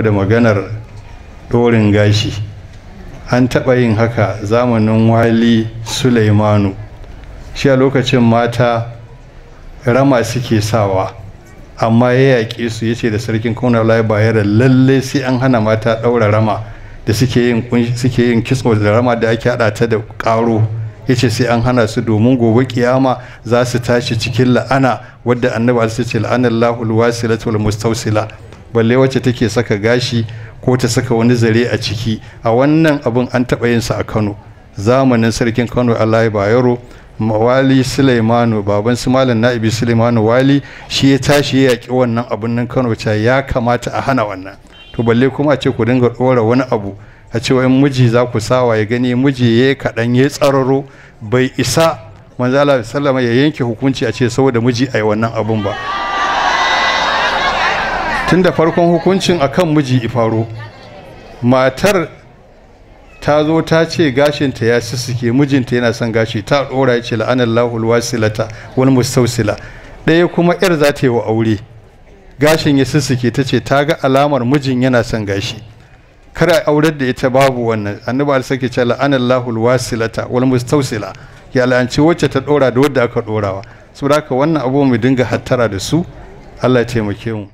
da maganar ɗorin gashi an taɓa yin haka zamanin wali sulaimanu shi a lokacin mata rama suke sawa amma ya yaƙe su ya ce da sarkin kauna layi bayar lalle sai an hana mata ɗaura rama da suke yin kitso da rama da ake haɗa da ƙaro ya ce sai an hana su domin gobe kiyama za su tashi cikin la'ana wadda annabi su ce la'anar lahul wasilatu wal mustausila balle wacce take saka gashi ko ta saka wani zare a ciki a wannan abin an taɓa yin sa a kano zamanin sarkin kano alhaji bayero wali suleimanu baban su malam na'ibi suleimanu wali shi ya tashi ya yaƙi wannan abun nan kano cewa ya kamata a hana wannan to balle kuma a ce ku dinga ɗora wani abu a ce wai miji za ku sawa ya gani miji ya kaɗan ya tsararo bai isa manzala sallama ya yanke hukunci a ce saboda miji a wannan abun ba tun da farkon hukuncin akan miji ifaro matar ta zo ta ce gashinta ya sissuke mijinta yana son gashi ta ɗora ya ce la'anar lahul wasilata wal musausila ɗaya kuma yar za ta yi wa aure gashin ya sissuke ta ce ta ga alamar mijin yana son gashi kar a aurar da ita babu wannan annabi al sake ce la'anar lahul wasilata wal musausila ya la'anci wacce ta ɗora da wadda aka ɗorawa saboda haka wannan abu mu dinga hattara da su Allah ya taimake mu